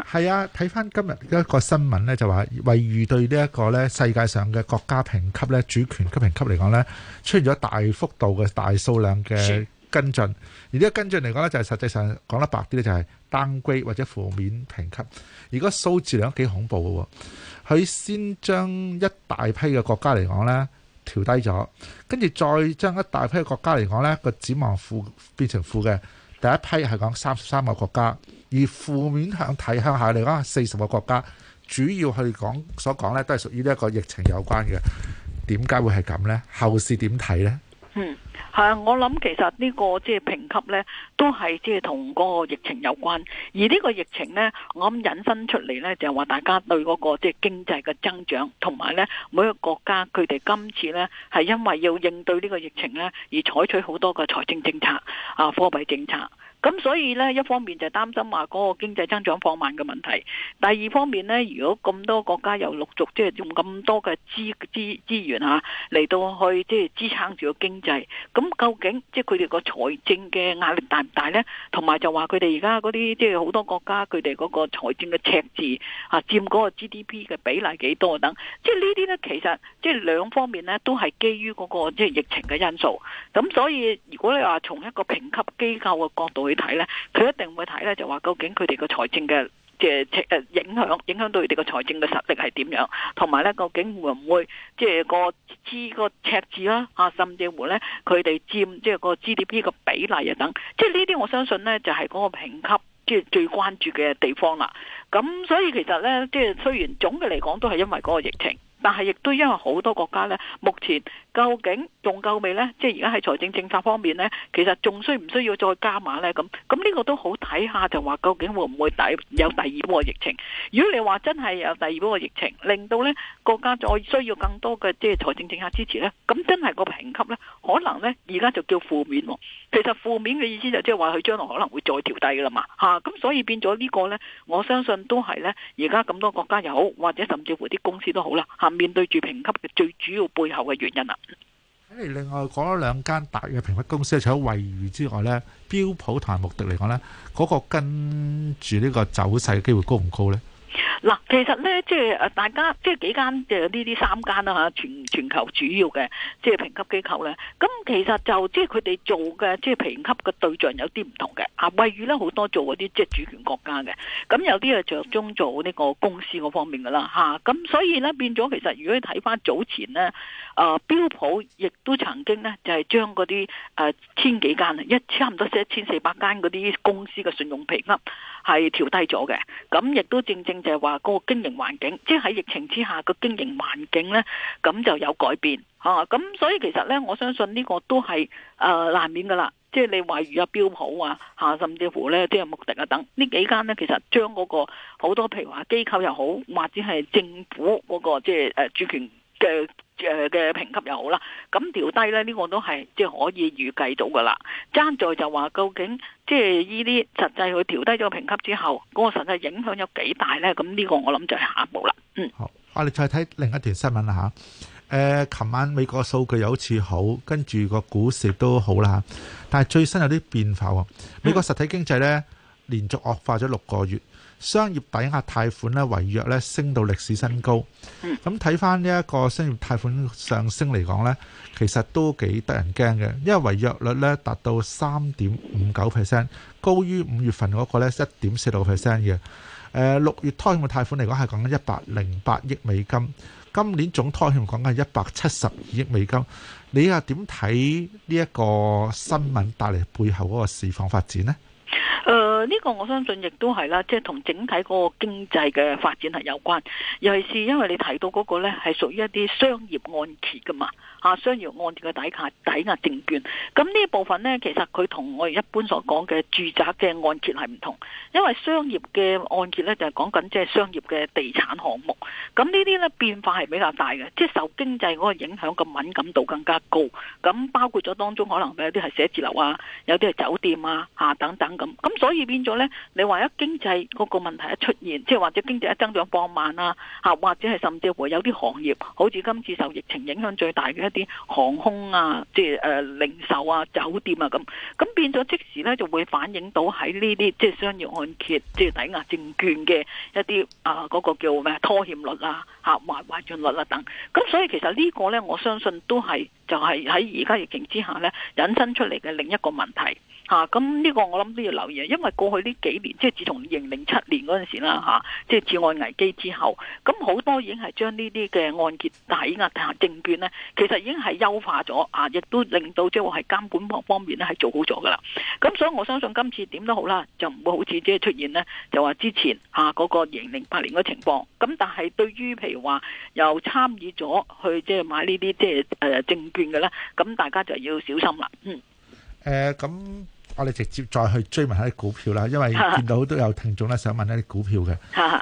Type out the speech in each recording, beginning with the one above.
係啊，睇翻今日一個新聞咧，就話惠譽對呢一個咧世界上嘅國家評級咧，主權級評級嚟講咧，出現咗大幅度嘅大數量嘅跟進，而呢個跟進嚟講咧，就係實際上講得白啲咧，就係 downgrade 或者負面評級。而個數字量都幾恐怖嘅喎，佢先將一大批嘅國家嚟講咧調低咗，跟住再將一大批嘅國家嚟講咧個展望負變成負嘅。第一批係講三十三個國家，而負面向睇向下嚟講，四十個國家主要去講所講呢都係屬於呢一個疫情有關嘅。點解會係咁呢？後市點睇呢？嗯，係啊，我諗其實呢個即係評級呢都係即係同嗰個疫情有關。而呢個疫情呢，我諗引申出嚟呢就係話大家對嗰個即係經濟嘅增長，同埋呢每個國家佢哋今次呢係因為要應對呢個疫情呢而採取好多嘅財政政策啊、貨幣政策。咁所以咧，一方面就擔心話嗰個經濟增長放慢嘅問題；第二方面咧，如果咁多國家又陸續即係、就是、用咁多嘅資資資源吓嚟、啊、到去即係、就是、支撐住個經濟，咁究竟即係佢哋個財政嘅壓力大唔大咧？同埋就話佢哋而家嗰啲即係好多國家佢哋嗰個財政嘅赤字啊，佔嗰個 GDP 嘅比例幾多等？即、就、係、是、呢啲咧，其實即係兩方面咧，都係基於嗰、那個即係、就是、疫情嘅因素。咁所以如果你話從一個評級機構嘅角度，睇咧，佢一定會睇咧，就話究竟佢哋個財政嘅即係誒影響，影響到佢哋個財政嘅實力係點樣，同埋咧究竟會唔會即係個 G 個赤字啦啊，甚至乎咧佢哋佔即係個 GDP 個比例啊等，即係呢啲我相信咧就係嗰個評級即係最關注嘅地方啦。咁所以其實咧，即係雖然總嘅嚟講都係因為嗰個疫情，但係亦都因為好多國家咧目前。究竟仲夠未呢？即係而家喺財政政策方面呢，其實仲需唔需要再加碼呢？咁咁呢個都好睇下，就話究竟會唔會第有第二波疫情？如果你話真係有第二波嘅疫情，令到呢國家再需要更多嘅即係財政政策支持呢，咁真係個評級呢，可能呢而家就叫負面。其實負面嘅意思就即係話佢將來可能會再調低噶嘛吓。咁、啊、所以變咗呢個呢，我相信都係呢而家咁多國家又好，或者甚至乎啲公司都好啦吓、啊，面對住評級嘅最主要背後嘅原因啦。喺另外講咗兩間大嘅評級公司，除咗惠譽之外咧，標普同埋穆迪嚟講咧，嗰個跟住呢個走勢嘅機會高唔高咧？嗱，其實咧，即係誒，大家即係、就是、幾間誒呢啲三間啦吓，全全球主要嘅即係評級機構咧。咁其實就即係佢哋做嘅，即係評級嘅對象有啲唔同嘅。啊，惠譽咧好多做嗰啲即係主權國家嘅，咁有啲啊着重做呢個公司嗰方面噶啦吓。咁所以咧變咗，其實如果你睇翻早前呢，誒、啊、標普亦都曾經呢就係將嗰啲誒千幾間，一差唔多一千四百間嗰啲公司嘅信用評級係調低咗嘅。咁亦都正正。就係、是、話個經營環境，即係喺疫情之下個經營環境呢咁就有改變吓，咁、啊、所以其實呢我相信呢個都係誒、呃、難免㗎喇，即、就、係、是、你話如啊標普啊，吓、啊、甚至乎咧都有穆迪啊等這幾呢幾間呢其實將嗰、那個好多譬如話機構又好，或者係政府嗰、那個即係、就是呃、主權嘅。誒嘅評級又好啦，咁調低咧呢個都係即係可以預計到噶啦。爭在就話究竟即係呢啲實際去調低咗個評級之後，嗰個實際影響有幾大咧？咁呢個我諗就係下一步啦。嗯，好，我哋再睇另一段新聞啦吓。誒，琴晚美國個數據又好似好，跟住個股市都好啦吓。但係最新有啲變化喎，美國實體經濟咧連續惡化咗六個月。商業抵押貸款咧違約咧升到歷史新高，咁睇返呢一個商業貸款上升嚟講咧，其實都幾得人驚嘅，因為違約率咧達到三點五九 percent，高於五月份嗰個咧一點四六 percent 嘅。誒六月拖欠嘅貸款嚟講係講緊一百零八億美金，今年總拖欠講緊係一百七十二億美金。你又點睇呢一個新聞帶嚟背後嗰個市況發展呢？誒。呢個我相信亦都係啦，即係同整體嗰個經濟嘅發展係有關。尤其是因為你提到嗰個呢係屬於一啲商業按揭噶嘛、吓，商業按揭嘅抵押抵押證券。咁呢一部分呢，其實佢同我哋一般所講嘅住宅嘅按揭係唔同，因為商業嘅按揭呢就係講緊即係商業嘅地產項目。咁呢啲呢變化係比較大嘅，即係受經濟嗰個影響，個敏感度更加高。咁包括咗當中可能有啲係寫字樓啊，有啲係酒店啊，吓等等咁。咁所以變咗呢，你話一經濟嗰個問題一出現，即係或者經濟一增長放慢啊，吓或者係甚至乎有啲行業，好似今次受疫情影響最大嘅一啲航空啊，即係誒、呃、零售啊、酒店啊咁，咁變咗即時呢就會反映到喺呢啲即係商業按揭即係抵押證券嘅一啲啊嗰、嗰個叫咩拖欠率啊吓壞壞賬率啊等、等，咁所以其實呢個呢，我相信都係就係喺而家疫情之下呢引申出嚟嘅另一個問題。吓咁，呢個我諗都要留意，因為過去呢幾年，即係自從二零零七年嗰陣時啦吓，啊，即係次貸危機之後，咁好多已經係將呢啲嘅按揭抵押定下證券呢，其實已經係優化咗，啊，亦都令到即係話係監管方方面咧係做好咗噶啦。咁所以我相信今次點都好啦，就唔會好似即係出現呢就話之前吓嗰個，二零零八年嘅情況。咁但係對於譬如話又參與咗去即係買呢啲即係誒證券嘅呢，咁大家就要小心啦。嗯，誒、呃、咁。我哋直接再去追問一啲股票啦，因為見到都有聽眾咧想問一啲股票嘅。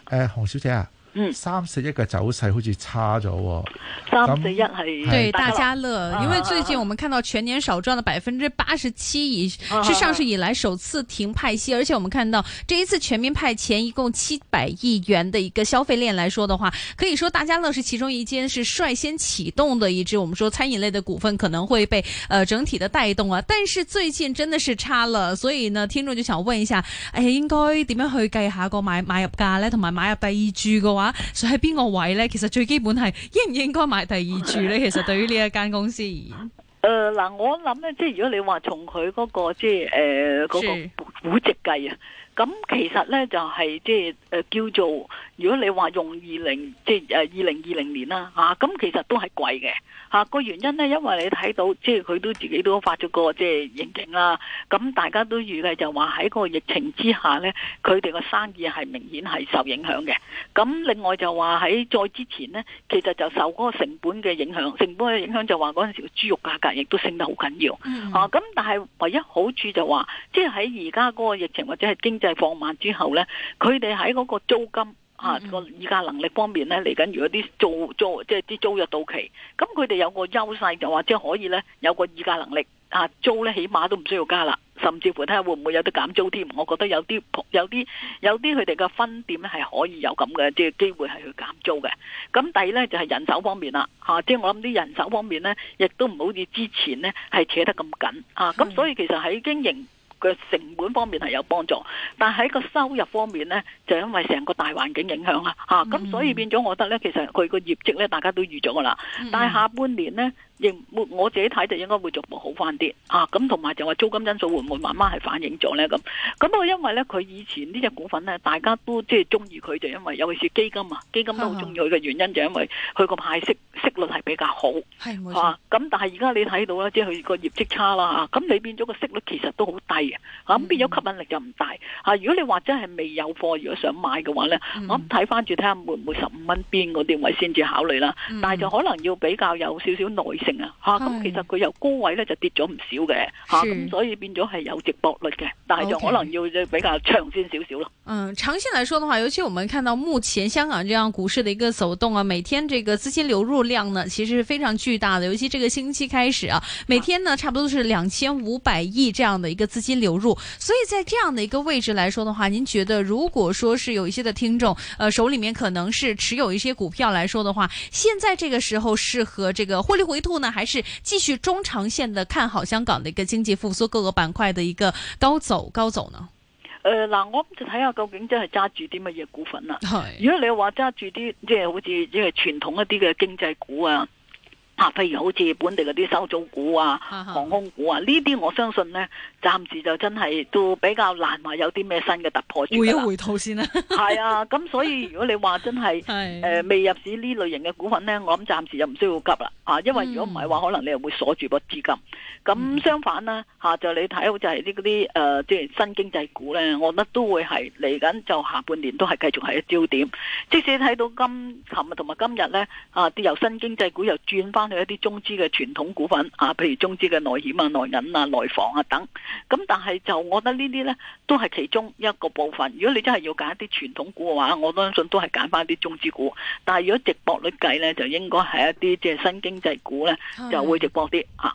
誒，熊小姐啊。嗯，三十一個走勢好似差咗。三十一係對大家樂，因為最近我們看到全年少賺了百分之八十七以，是上市以來首次停派息，嗯、而且我們看到這一次全民派錢一共七百億元的一個消費鏈來說的話，可以說大家樂是其中一間是率先啟動的一支，我們說餐飲類的股份可能會被，呃整體的帶動啊。但是最近真的是差了，所以呢，聽眾就想問一下，誒、哎、應該點樣去計下個買買入價呢，同埋買入第二注個。話，所以喺邊個位咧？其實最基本係應唔應該買第二處咧？Okay. 其實對於呢一間公司而言，誒嗱，我諗咧，即係如果你話從佢嗰個即係誒嗰個估值計啊，咁其實咧就係、是、即係誒、呃、叫做。如果你話用二零即係二零二零年啦，嚇、啊、咁其實都係貴嘅嚇個原因呢，因為你睇到即係佢都自己都發咗個即係認證啦。咁大家都預計就話喺個疫情之下呢，佢哋個生意係明顯係受影響嘅。咁另外就話喺再之前呢，其實就受嗰個成本嘅影響，成本嘅影響就話嗰陣時候豬肉價格亦都升得好緊要嚇。咁、啊、但係唯一好處就話，即係喺而家嗰個疫情或者係經濟放慢之後呢，佢哋喺嗰個租金。啊，個議價能力方面咧，嚟緊如果啲租租即係啲租約到期，咁佢哋有個優勢就話即係可以咧有個議價能力，啊租咧起碼都唔需要加啦，甚至乎睇下會唔會有得減租添。我覺得有啲有啲有啲佢哋嘅分店咧係可以有咁嘅即係機會係去減租嘅。咁第二咧就係人手方面啦，嚇，即係我諗啲人手方面咧亦都唔好似之前咧係扯得咁緊，啊，咁所以其實喺經營。嘅成本方面係有幫助，但喺個收入方面呢，就因為成個大環境影響啊。吓咁所以變咗，我覺得呢，其實佢個業績呢，大家都預咗噶啦，但係下半年呢。我自己睇就應該會逐步好翻啲啊！咁同埋就話租金因素會唔會慢慢係反映咗咧？咁咁因為咧佢以前呢隻股份咧大家都即係中意佢，就因為尤其是基金啊，基金都好中意佢嘅原因就因為佢個派息息率係比較好，啊，係冇錯咁但係而家你睇到啦，即係佢個業績差啦嚇，咁你變咗個息率其實都好低啊！咁變咗吸引力就唔大嚇、啊。如果你話真係未有貨，如果想買嘅話咧，嗯、我諗睇翻住睇下會唔會十五蚊邊嗰啲位先至考慮啦。嗯、但係就可能要比較有少少耐性。吓、啊，咁其實佢由高位咧就跌咗唔少嘅，吓，咁、啊、所以變咗係有值博率嘅，但係就可能要比較長線少少咯。Okay. 嗯，長線來說的話，尤其我們看到目前香港這樣股市的一個走動啊，每天這個資金流入量呢，其實非常巨大的。尤其這個星期開始啊，每天呢差不多都是兩千五百億這樣的一個資金流入。所以在這樣的一個位置來說的話，您覺得如果說是有一些的聽眾，呃，手裏面可能是持有一些股票來說的話，現在這個時候適合這個獲利回吐？呢，還是繼續中長線的看好香港的一個經濟復甦，各個板塊的一個高走高走呢？誒，嗱，我諗就睇下究竟真係揸住啲乜嘢股份啦、啊。係， 如果你話揸住啲即係好似即係傳統一啲嘅經濟股啊。譬如好似本地嗰啲收租股啊，啊、航空股啊，呢、啊、啲我相信呢，暫時就真係都比較難話有啲咩新嘅突破。回一回吐先啦。係啊，咁、 啊、所以如果你話真係誒、呃、未入市呢類型嘅股份呢，我諗暫時就唔需要急啦。啊，因為如果唔係話、嗯，可能你又會鎖住個資金。咁相反啦，嚇、嗯啊、就你睇好就係呢啲誒，即、呃、係新經濟股呢，我覺得都會係嚟緊就下半年都係繼續係一焦點。即使睇到今琴日同埋今日呢，啊啲由新經濟股又轉翻。一啲中資嘅傳統股份啊，譬如中資嘅內險啊、內銀啊、內房啊等，咁但係就我覺得這些呢啲呢都係其中一個部分。如果你真係要揀一啲傳統股嘅話，我相信都係揀返啲中資股。但係如果值博率計呢，就應該係一啲即係新經濟股呢，就會值博啲啊。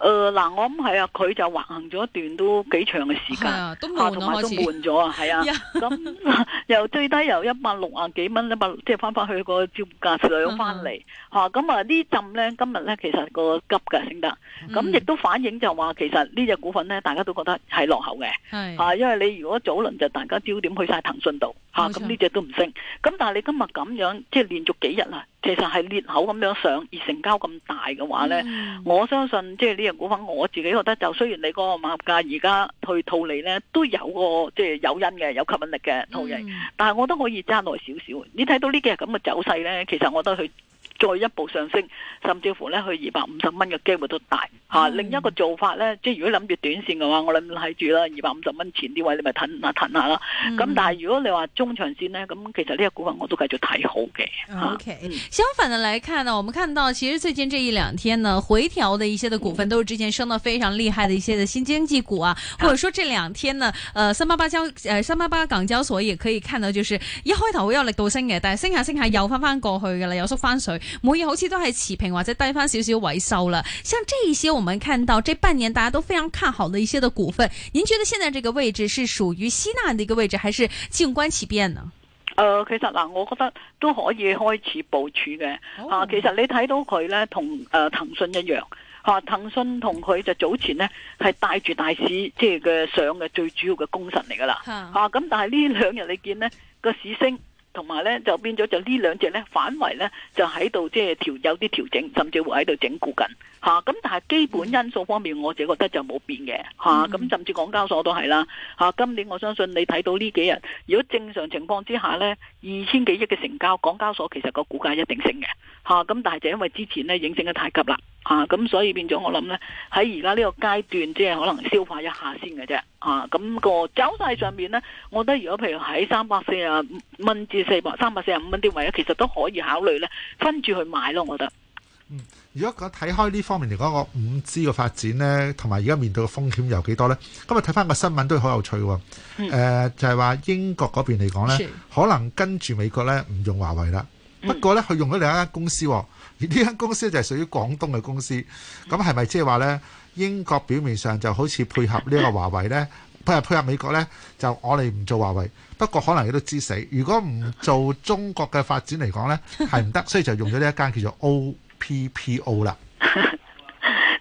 誒，嗱，我諗係啊，佢就橫行咗一段都幾長嘅時間，吓同埋都悶咗啊，係啊，咁又、啊 嗯嗯、最低由 16,、嗯啊、一百六啊幾蚊，一百即係翻翻去個招股價兩翻嚟，吓咁啊呢浸咧今日咧其實個急噶，升得，咁、嗯、亦、嗯、都反映就話其實呢隻股份咧，大家都覺得係落後嘅，係吓、啊，因為你如果早輪就大家焦點去晒騰訊度。.吓、啊，咁呢隻都唔升，咁但係你今日咁樣，即、就、係、是、連續幾日啦、啊、其實係裂口咁樣上，而成交咁大嘅話咧、嗯，我相信即係呢隻股份，我自己覺得就雖然你嗰個買價而家去套利咧，都有個即係、就是、有因嘅，有吸引力嘅套利、嗯，但係我都可以揸耐少少。你睇到幾呢幾日咁嘅走勢咧，其實我覺得佢再一步上升，甚至乎咧去二百五十蚊嘅機會都大。啊、另一個做法呢，即係如果諗住短線嘅話，我諗睇住啦，二百五十蚊錢啲位，你咪騰下騰下啦。咁、嗯、但係如果你話中長線呢，咁其實呢個股份我都繼續睇好嘅。OK，、嗯、相反的來看呢，我們看到其實最近這一兩天呢，回調的一些嘅股份，都是之前升得非常厲害的一些的新經濟股啊、嗯，或者說這兩天呢，呃，三八八交，呃，三八八港交所也可以看到，就是一開頭會有力度升嘅，但係升下升下又翻翻過去嘅啦，又縮翻水，每嘢好似都係持平或者低翻少少位收啦，相即係意我們看到這半年大家都非常看好的一些的股份，您覺得現在這個位置是屬於吸納的一個位置，還是靜觀其變呢？誒、呃，其實嗱，我覺得都可以開始部署嘅、哦。啊，其實你睇到佢咧，同誒、呃、騰訊一樣，吓、啊、騰訊同佢就早前呢係帶住大市，即係嘅上嘅最主要嘅功臣嚟噶啦。吓、啊，咁、啊、但係呢兩日你見呢個市升。同埋咧，就變咗就兩隻呢兩隻咧反為咧，就喺度即係調有啲調整，甚至乎喺度整固緊吓。咁、啊、但係基本因素方面，我自己覺得就冇變嘅吓。咁、啊啊、甚至港交所都係啦吓、啊。今年我相信你睇到呢幾日，如果正常情況之下咧，二千幾億嘅成交，港交所其實個股價一定升嘅吓。咁、啊、但係就因為之前咧影性得太急啦。啊，咁所以變咗，我諗咧喺而家呢個階段，即係可能消化一下先嘅啫。啊，咁個走勢上面咧，我覺得如果譬如喺三百四啊蚊至四百三百四十五蚊啲位咧，其實都可以考慮咧，分住去買咯。我覺得，嗯，如果講睇開呢方面嚟講，個五 G 嘅發展咧，同埋而家面對嘅風險有幾多咧？今日睇翻個新聞都好有趣，啊。誒、嗯呃，就係、是、話英國嗰邊嚟講咧，可能跟住美國咧唔用華為啦，不過咧佢、嗯、用咗另一間公司，啊。呢間公司就係屬於廣東嘅公司，咁係咪即係話呢？英國表面上就好似配合呢個華為呢，配合配合美國呢，就我哋唔做華為，不過可能你都知死。如果唔做中國嘅發展嚟講呢，係唔得，所以就用咗呢一間叫做 OPPO 啦。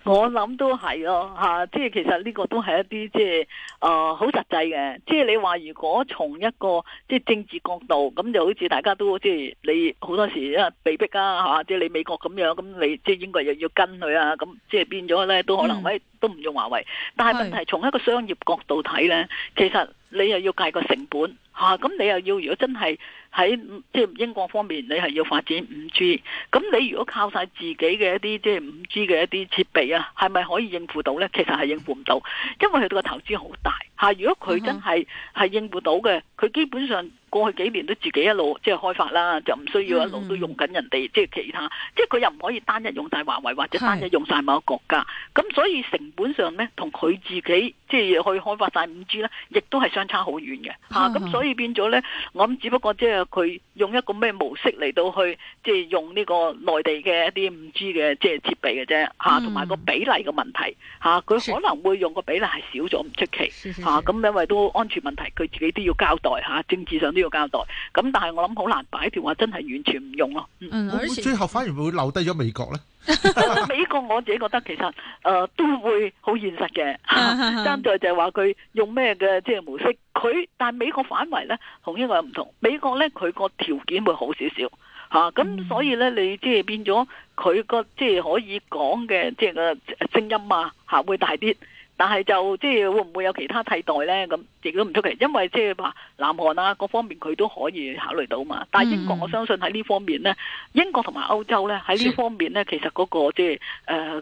我諗都係咯、啊，吓、啊，即係其實呢個都係一啲即係誒好實際嘅。即係你話如果從一個即係、就是、政治角度，咁就好似大家都即係、就是、你好多時被啊被逼啊吓，即、就、係、是、你美國咁樣，咁你即係、就是、英國又要跟佢啊，咁即係變咗咧都可能喺、嗯、都唔用華為。但係問題從一個商業角度睇咧，其實你又要計個成本吓，咁、啊、你又要如果真係。喺即係英國方面，你係要發展五 G，咁你如果靠晒自己嘅一啲即係五 G 嘅一啲設備啊，係咪可以應付到咧？其實係應付唔到，因為佢個投資好大吓。如果佢真係係應付到嘅，佢基本上。過去幾年都自己一路即係開發啦，就唔需要一路都用緊人哋、mm-hmm. 即係其他，即係佢又唔可以單一用晒華為或者單一用晒某個國家，咁、mm-hmm. 所以成本上咧同佢自己即係去開發晒五 G 咧，亦都係相差好遠嘅吓，咁、mm-hmm. 啊、所以變咗咧，我諗只不過即係佢用一個咩模式嚟到去即係、就是、用呢個內地嘅一啲五 G 嘅即係設備嘅啫吓，同、啊、埋個比例嘅問題吓，佢、啊、可能會用個比例係少咗唔出奇吓，咁、mm-hmm. 啊、因為都安全問題，佢自己都要交代吓、啊，政治上。都要交代，咁但係我諗好難擺，條話真係完全唔用咯。嗯、哦，最後反而會留低咗美國咧。 美國我自己覺得其實誒、呃、都會好現實嘅，爭、啊、 在就係話佢用咩嘅即係模式。佢但係美國反為咧同英國又唔同。美國咧佢個條件會好少少吓，咁、啊、所以咧、嗯、你即係變咗佢個即係可以講嘅即係個聲音啊吓會大啲。但係就即係會唔會有其他替代呢？咁亦都唔出奇，因為即係話南韓啊，各方面佢都可以考慮到嘛。但係英國，我相信喺呢方面呢，英國同埋歐洲呢喺呢方面呢，其實嗰個即係誒。呃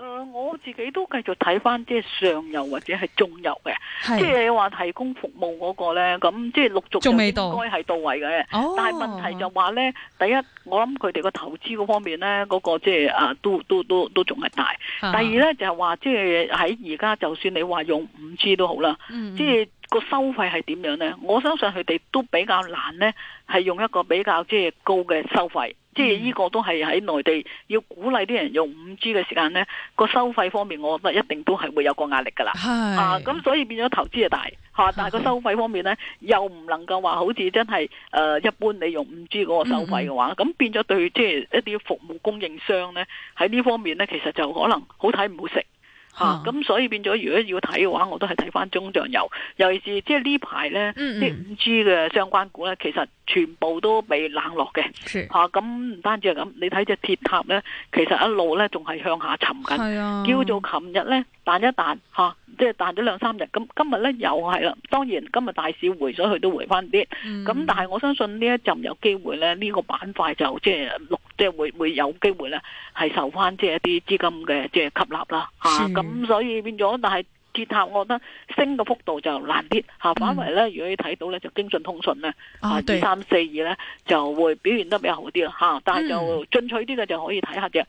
誒、嗯，我自己都繼續睇翻即係上游或者係中游嘅，即係話提供服務嗰個咧，咁即係陸續仲未到，應該係到位嘅。但係問題就話咧、哦，第一，我諗佢哋個投資嗰方面咧，嗰、那個即、就、係、是、啊，都都都都仲係大、啊。第二咧就係話，即係喺而家，就算你話用五 G 都好啦，即、嗯、係、就是、個收費係點樣咧？我相信佢哋都比較難咧，係用一個比較即係高嘅收費。即係呢個都係喺內地要鼓勵啲人用五 G 嘅時間，呢個收費方面我覺得一定都係會有個壓力噶啦。啊，咁所以變咗投資就大吓，但係個收費方面呢，又唔能夠話好似真係誒、呃、一般你用五 G 嗰個收費嘅話，咁、嗯、變咗對即係一啲服務供應商呢，喺呢方面呢，其實就可能好睇唔好食。咁、啊、所以變咗，如果要睇嘅話，我都係睇翻中上游，尤其是即係呢排咧，啲五 G 嘅相關股咧，其實全部都被冷落嘅。吓、mm-hmm. 啊，咁唔單止係咁，你睇隻鐵塔咧，其實一路咧仲係向下沉緊。係啊，叫做琴日咧，彈一彈吓，即、啊、係、就是、彈咗兩三日。咁今日咧又係啦，當然今日大市回咗，佢都回翻啲。咁、mm-hmm. 但係我相信呢一陣有機會咧，呢、這個板塊就即係落即係會會有機會咧，係受翻即係一啲資金嘅即係吸納啦，吓，咁所以變咗，但係鐵塔我覺得升嘅幅度就難啲，吓反為咧，mm. 如果你睇到咧，就京信通信咧，吓二三四二咧就會表現得比較好啲啦，吓、啊、但係就進取啲嘅就可以睇下隻。Mm. 啊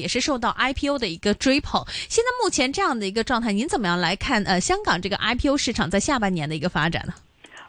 也是受到 IPO 的一個追捧，現在目前這樣的一個狀態，您怎麼樣來看？呃，香港這個 IPO 市場在下半年的一個發展呢？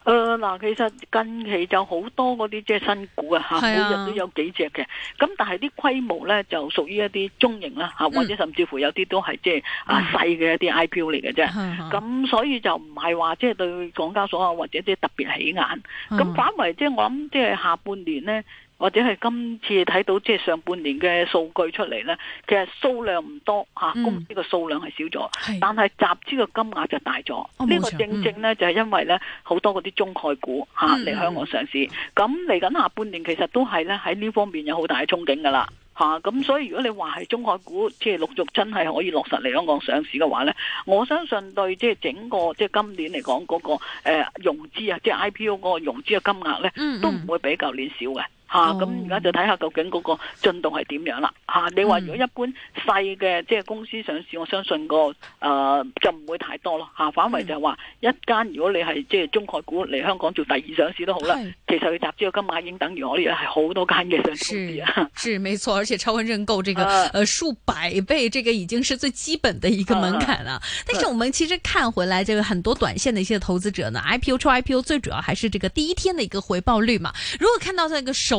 誒、呃、嗱，其實近期就好多嗰啲即係新股啊，吓，每日都有幾隻嘅，咁但係啲規模呢就屬於一啲中型啦，吓，或者甚至乎有啲都係即係啊細嘅一啲 IPO 嚟嘅啫，咁所以就唔係話即係對港交所啊或者即係特別起眼，咁、啊、反為即係我諗即係下半年呢。或者係今次睇到即係上半年嘅數據出嚟呢，其實數量唔多，嗯、公司嘅數量係少咗，但係集資嘅金額就大咗。呢、呢個正正呢，就係因為呢好、嗯、多嗰啲中概股嚇嚟香港上市，咁嚟緊下半年其實都係呢喺呢方面有好大嘅憧憬㗎啦嚇。咁、嗯啊、所以如果你話係中概股即係、即係、陸續真係可以落實嚟香港上市嘅話呢，我相信對即係整個即係、即係、今年嚟講嗰、嗰個呃即係、個融資啊，即係 IPO 嗰個融資嘅金額呢，都唔會比舊年少嘅。嗯嗯吓，咁而家就睇下究竟嗰個進度係點樣啦吓、啊、你話如果一般細嘅即係公司上市，嗯、我相信個誒、呃、就唔會太多咯吓、啊、反為，就係話、嗯、一間如果你係即係中概股嚟香港做第二上市都好啦，其實佢集資嘅金額已經等於我哋咧係好多間嘅上市是是沒錯，而且超額認購這個誒數、啊呃、百倍，這個已經是最基本的一個門檻啦。、啊。但是我們其實看回來，這個很多短線的一些投資者呢，IPO 抽 IPO 最主要還是這個第一天的一個回報率嘛。如果看到這個首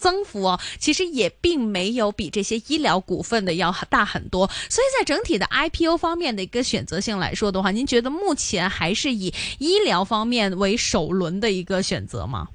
增幅哦，其實也並沒有比這些醫療股份的要大很多，所以在整體的 IPO 方面的一個選擇性來說的話，您覺得目前還是以醫療方面為首輪的一個選擇嗎？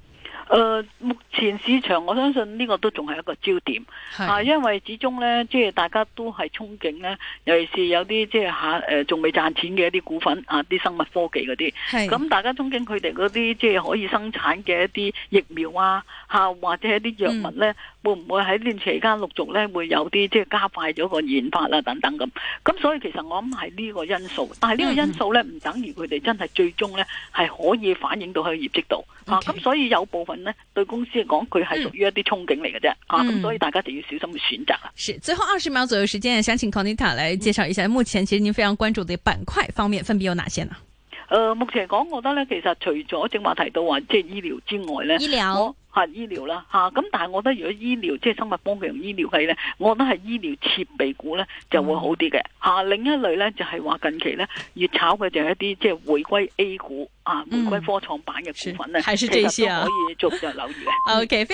誒、呃，目前市場我相信呢個都仲係一個焦點，啊，因為始終呢，即係大家都係憧憬呢，尤其是有啲即係吓誒仲未賺錢嘅一啲股份啊，啲生物科技嗰啲，咁大家憧憬佢哋嗰啲即係可以生產嘅一啲疫苗啊。啊、或者一啲藥物咧、嗯，會唔會喺呢段期間陸續咧會有啲即係加快咗個研發啦等等咁，咁所以其實我諗係呢個因素，但係呢個因素咧唔、嗯、等於佢哋真係最終咧係可以反映到佢業績度吓，咁、okay. 啊、所以有部分咧對公司嚟講佢係屬於一啲憧憬嚟嘅啫，啊咁所以大家就要小心去選擇啦、嗯。最後二十秒左右時間，想請 Conita 嚟介紹一下、嗯、目前其實您非常關注嘅板塊方面分別有哪些呢？誒、呃，目前嚟講我覺得咧，其實除咗正話提到話即係醫療之外咧，醫療。醫療啦吓，咁但係我覺得如果醫療即係生物幫佢用醫療器咧，我覺得係醫療設備股咧就會好啲嘅吓。另一類咧就係話近期咧越炒嘅就係一啲即係回歸 A 股、嗯、歸股還啊，回歸科創板嘅股份咧，其實可以逐隻留意嘅。 OK，